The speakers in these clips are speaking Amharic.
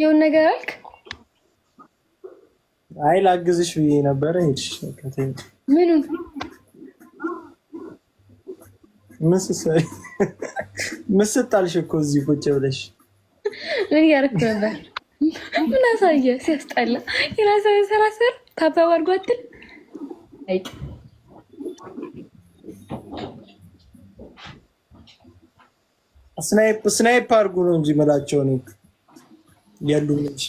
የሆነ ነገር አልክ? አይ ላግዝሽ ብዬ ነበረ። ሄድሽ ምኑ ምስት አልሽ እኮ እዚህ ቁጭ ብለሽ ምን ያደረክ ነበር? ምን አሳየ ሲያስጠላ የራሰ ሰራሰር ታባ አድርጎ አትል ስናይፕ አድርጉ ነው እንጂ መላቸው ነው ያሉ ልጅ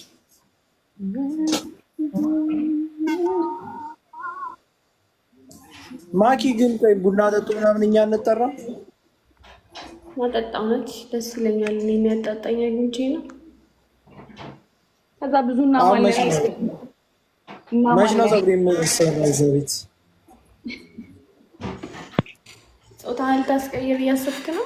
ማኪ ግን ቆይ ቡና ጠጡ ምናምን እኛ እንጠራ ማጠጣ ነች ደስ ይለኛል። እኔ የሚያጣጣኝ አግኝቼ ነው። ከዛ ብዙ እና ማለት ነው ማሽ ነው የምሰራ ዘቤት ጾታ ልታስቀይር እያሰብክ ነው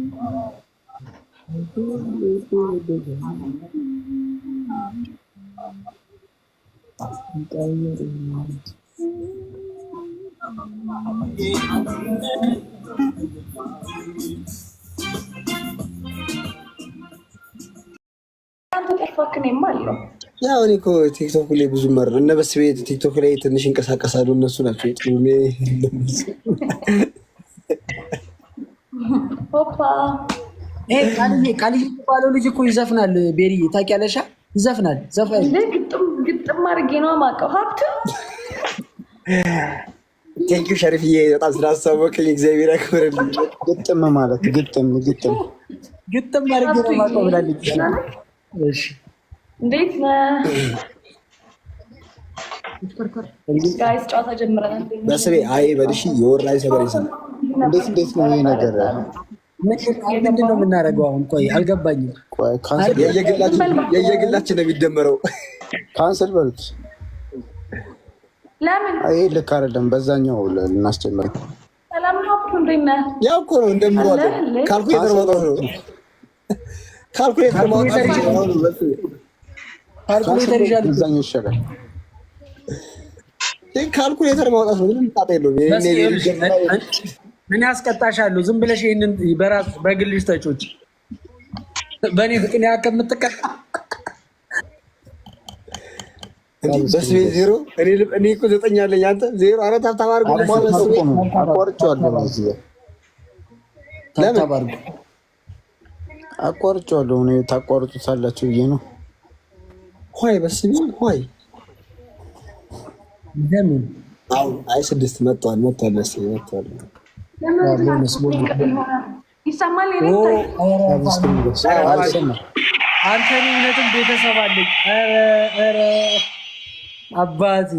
ያው እኔ እኮ ቲክቶክ ላይ ብዙ መር እነ በስ ቤት ቲክቶክ ላይ ትንሽ እንቀሳቀሳሉ። እነሱ ናቸው የጥሜ ሆፓ ቃልዬ የሚባለው ልጅ እኮ ይዘፍናል። ቤሪዬ ታውቂያለሽ? ይዘፍናል። ዘፋኝ ግጥም አድርጌ ነው የማውቀው። ሀብት ቴንኪው ሸሪፍዬ፣ በጣም ስላሳወቅኝ እግዚአብሔር ያክብርልኝ። ግጥም ማለት ግጥም ግጥም ግጥም አድርጌ ነው የማውቀው ብላለች። እንዴት ጋይስ? ጨዋታ ጀምረናል። በስቤ አይ በልሽ የወር ላይ ሰበር ሰበሬ እንዴት እንዴት ነው ይሄ ነገር ምንድን ነው የምናደርገው አሁን? ቆይ አልገባኝም። የየግላችን ነው የሚደመረው። ካንስል በሉት። ለምን ይህ ልክ አይደለም። በዛኛው ልናስጀምር ያው እኮ ነው እንደምለዋለን። ካልኩሌተር ማውጣት ነው። ካልኩሌተር ማውጣት ይሻላል። ካልኩሌተር ማውጣት ነው። ምንም ጣጣ የለውም። ምን ያስቀጣሻለሁ? ዝም ብለሽ ይህንን በራሱ በግልሽ ተጮች። በእኔ ምክንያት ከምትቀጣ ዜሮ እኔ እኮ ዘጠኝ አለኝ። አንተ ዜሮ አረት አታባርጉ። አቋርጬዋለሁ። እኔ ታቋርጡታላችሁ ብዬ ነው። ሆይ በስሚ ሆይ ለምን አይ ስድስት መጥቷል መጥቷል መጥቷል አንተን እውነትም ቤተሰብ አለኝ አባቴ።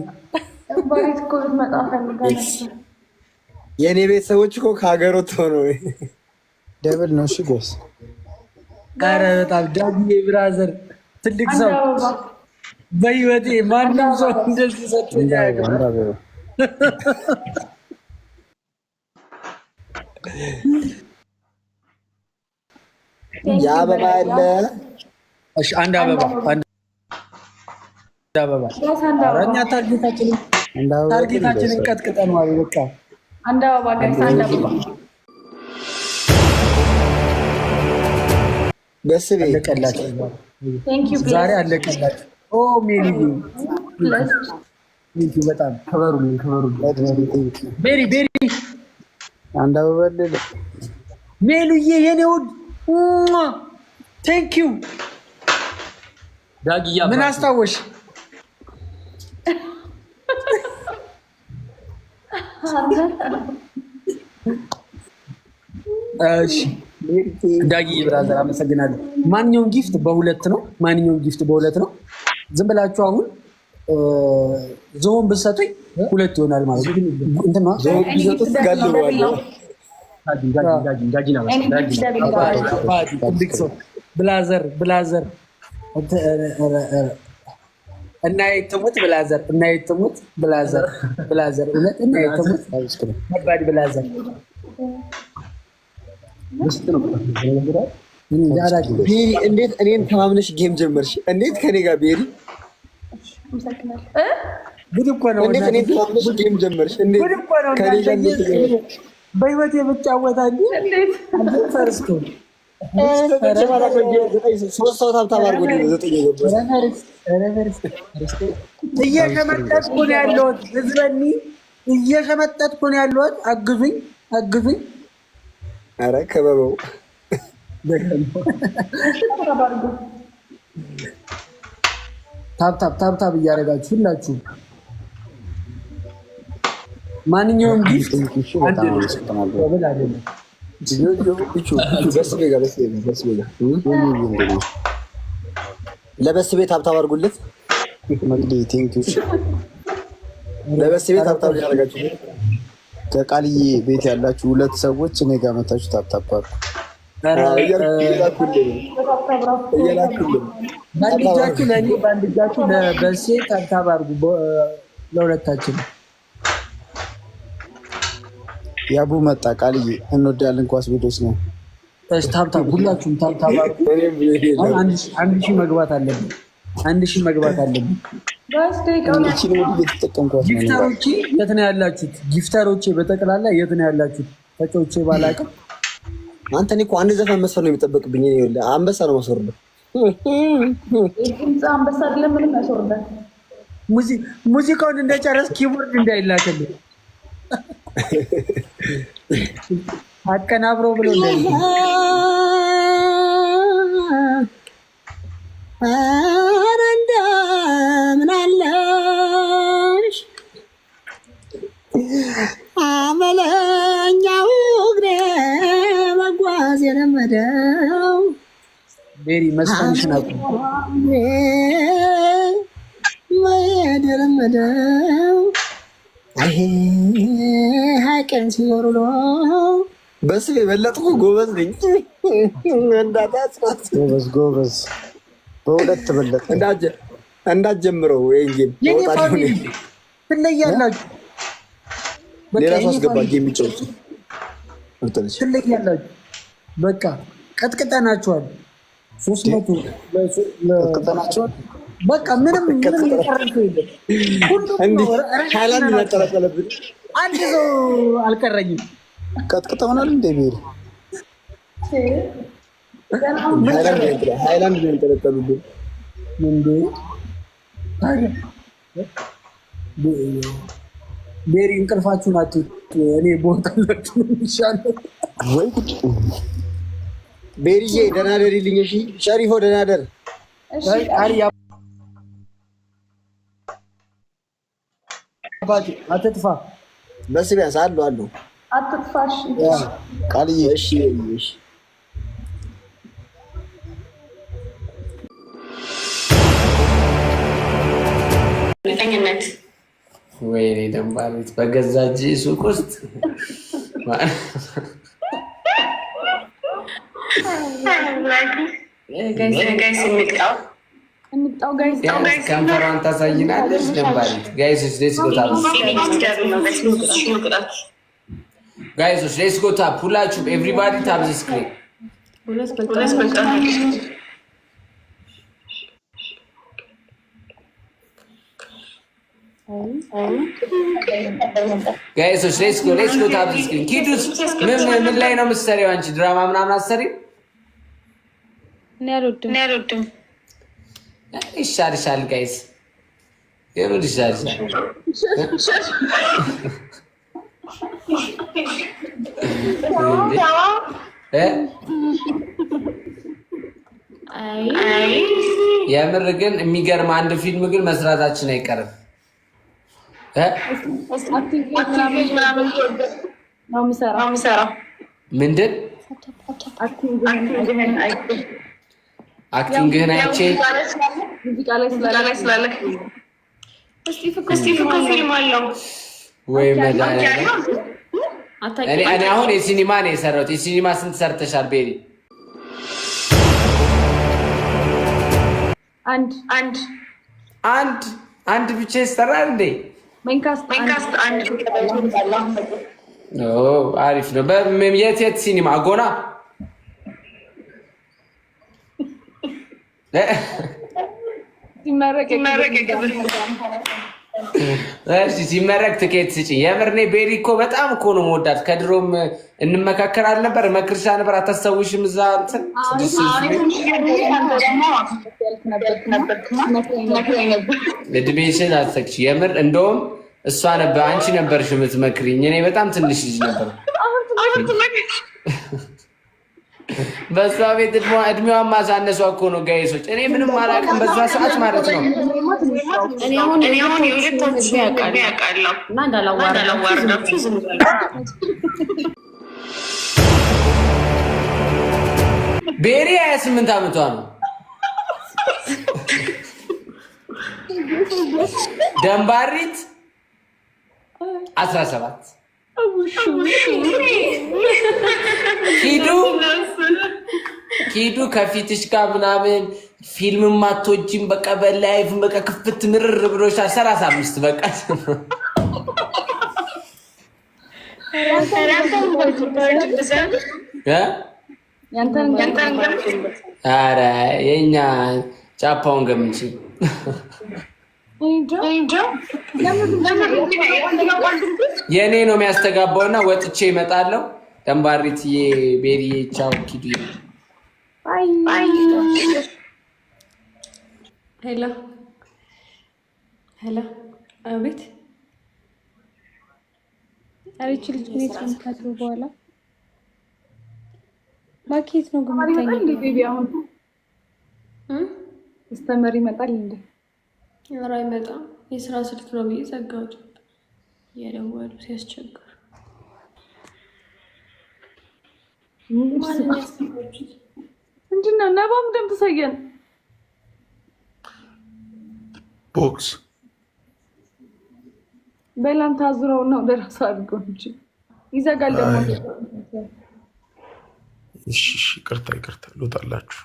የእኔ ቤተሰቦች እኮ ከሀገር ወጥተው ነው። ደብል ነው። እሺ ጎስ ኧረ በጣም ዳግዬ ብራዘር ትልቅ ሰው በህይወቴ ማንም ሰው እንደዚህ ሰጥቶኝ የአበባ አለ። እሺ አንድ አበባ አንድ አበባ አረኛ ታርጌታችን ታርጌታችን ቀጥቅጠን ዋይ በቃ አንድ አበባ ጋይስ፣ አንድ አበባ ደስ ቤ አለቀላችሁ። ዛሬ አለቀላችሁ። ኦ ሜሪ በጣም ከበሩልኝ፣ ከበሩ። ሜሪ ሜሪ አንድ አበባ ሜሉዬ የኔ ውድ ቴንክ ዩ ዳጊያ ምን አስታወሽ? ዳጊ ብራዘር አመሰግናለሁ። ማንኛውም ጊፍት በሁለት ነው። ማንኛውም ጊፍት በሁለት ነው። ዝም ብላችሁ አሁን ዞን ብትሰጡኝ ሁለት ይሆናል ማለት ነው። ብላዘር ብላዘር እና የትሙት ብላዘር እና የትሙት ብላዘር ብላዘር እውነት እና የትሙት ከባድ ብላዘር እንዴት እኔን ተማምነሽ ጌም ጀመርሽ? እንዴት ከኔ ጋር ቤሪ ጉድ እኮ ነው። እንዴት እኔን ተማምነሽ ጌም ጀመርሽ? እንዴት ከኔ ጋር በህይወት የምጫወታ ፈርስቱ እየሸመጠጥኩ ነው ያለሁት። ህዝበኒ እየሸመጠጥኩ ነው ያለሁት። አግዙኝ አግዙኝ። ኧረ ከበበው ታብታብ ታብታብ እያደረጋችሁ ሁላችሁ ማንኛውም ጊፍት ለበስ ቤት ሀብታብ አድርጉለት። ለበስ ቤት ሀብታብ ያደረጋችሁ ከቃልዬ ቤት ያላችሁ ሁለት ሰዎች እኔ ጋር መታችሁ ታብታብ አድርጉ። በአንድ እጃችሁ ለበሴ ታብታብ አድርጉ ለሁለታችን ያቡ መጣ። ቃልዬ እንወዳለን ኳስ ቤቶች ነው። ታብታ ሁላችሁም ታብታ። አንድ ሺህ መግባት አለብን። አንድ ሺህ መግባት አለብን። ጊፍተሮቼ የት ነው ያላችሁት? ጊፍተሮቼ በጠቅላላ የት ነው ያላችሁት? ተጫዎቼ ባላቅም አንተ እኔ እኮ አንድ ዘፈን መስፈር ነው የሚጠበቅብኝ። አንበሳ ነው ማስወርደው። አንበሳ ለምንም ያስወርዳል። ሙዚቃውን እንደጨረስ ኪቦርድ እንዳይላክልህ አቀናብሮ ብሎ አረንዳ ምናለሽ አመለኛው እግሬ መጓዝ የለመደው ቤሪ መስፈንሽን መሄድ የለመደው ቀን ሲዞር ነው በስብ የበለጥኩ ጎበዝ ነኝ። ጎበዝ ጎበዝ በሁለት በለጥ እንዳትጀምረው ትለያላችሁ። ሌላ ሰው አስገባ የሚጫወቱ ትለያላችሁ። በቃ ቀጥቅጠናችኋል። ሶስት መቶ ቀጥቅጠናችኋል። በቃ ምንም ምንም አንድ ሰው አልቀረኝም። ቀጥቅጠ ሆናል እንደ ብሄር ሃይላንድ ነው ያንጠለጠሉብን። ቤሪ እንቅልፋችሁን አትውጡ። እኔ ቦታላችሁ ይሻለው ደናደር ቤሪዬ፣ ይልኝ። እሺ ሸሪፎ ደናደር። አትጥፋ በስ ቢያንስ አሉ አሉ አትጥፋሽ ቃልዬ እሺ እሺ ወይኔ ደንባሪት በገዛ እጅ ሱቅ ውስጥ ጋይ ስሚቃው ከንፈሯን ታሳይናለች። ደንባሪት ጋይሶች ሌስ ጎታ ጋይሶች ሌስ ጎታ ኤቭሪባዲ ስክሪን ጋይሶች ሌስ ጎ ሌስ ጎ ስክሪን ኪዱስ ምን ላይ ነው የምትሰሪው አንቺ? ድራማ ምናምን አሰሪ እኔ አልወድም ይሻልሻል ጋይስ የምን ይሻልሻል? የምር ግን የሚገርም አንድ ፊልም ግን መስራታችን አይቀርም። ምንድን አክቲንግህን አይቼ ሙዚቃ ላይ ስላለ እስቲ ፍቅር ፊልም አለው ወይ? እኔ አሁን የሲኒማ ነው የሰራሁት። የሲኒማ ስንት ሰርተሻል ቤሪ? አንድ አንድ አንድ አንድ ብቻ ይሰራል እንዴ? መንካስት አንድ አሪፍ ነው። የት የት ሲኒማ ጎና እሺ ሲመረቅ ትኬት ስጭኝ። የምር እኔ ቤሪ እኮ በጣም እኮ ነው የምወዳት። ከድሮም እንመካከር አልነበር መክርሻ ነበር። አታስታውሽም? እዛ እንትን እድሜሽን አትሰክች። የምር እንደውም እሷ ነበር አንቺ ነበርሽ የምትመክሪኝ። እኔ በጣም ትንሽ ልጅ ነበር በእሷ ቤት እድሜዋን ማሳነሷ እኮ ነው ጋይሶች። እኔ ምንም አላውቅም በዛ ሰዓት ማለት ነው። ቤሪ ሀያ ስምንት አመቷ ነው። ደንባሪት አስራ ሰባት ሂዱ ሂዱ ከፊትሽ ጋር ምናምን ፊልም አትወጂም። በቃ በላይፍ በቃ ክፍት ምርር ብሎሻል። ሰላሳ አምስት በቃ ኧረ የእኛ ጫፓውን ገምች የእኔ ነው የሚያስተጋባውና ወጥቼ ይመጣለው። ደንባሪትዬ፣ ቤሪዬ፣ ቻው ኪዱ ሄሎ ሄሎ፣ አቤት። አቤት ልጅ ቤት ከምታድሩ በኋላ ማኬት ነው አስተማሪ ይመጣል እንዴ? ኧረ አይመጣም። የስራ ስልክ ነው ብዬ ዘጋሁት። እየደወሉ ሲያስቸግሩ ምንድን ነባም ደም ትሳየን ቦክስ በላን ታዝረው ነው ለራስ አድርገው እንጂ ይዘጋል። ደግሞ ይቅርታ ይቅርታ ልወጣላችሁ።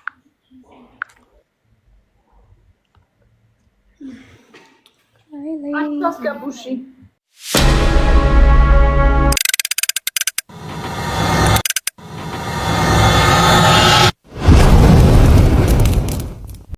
አስገቡ እሺ።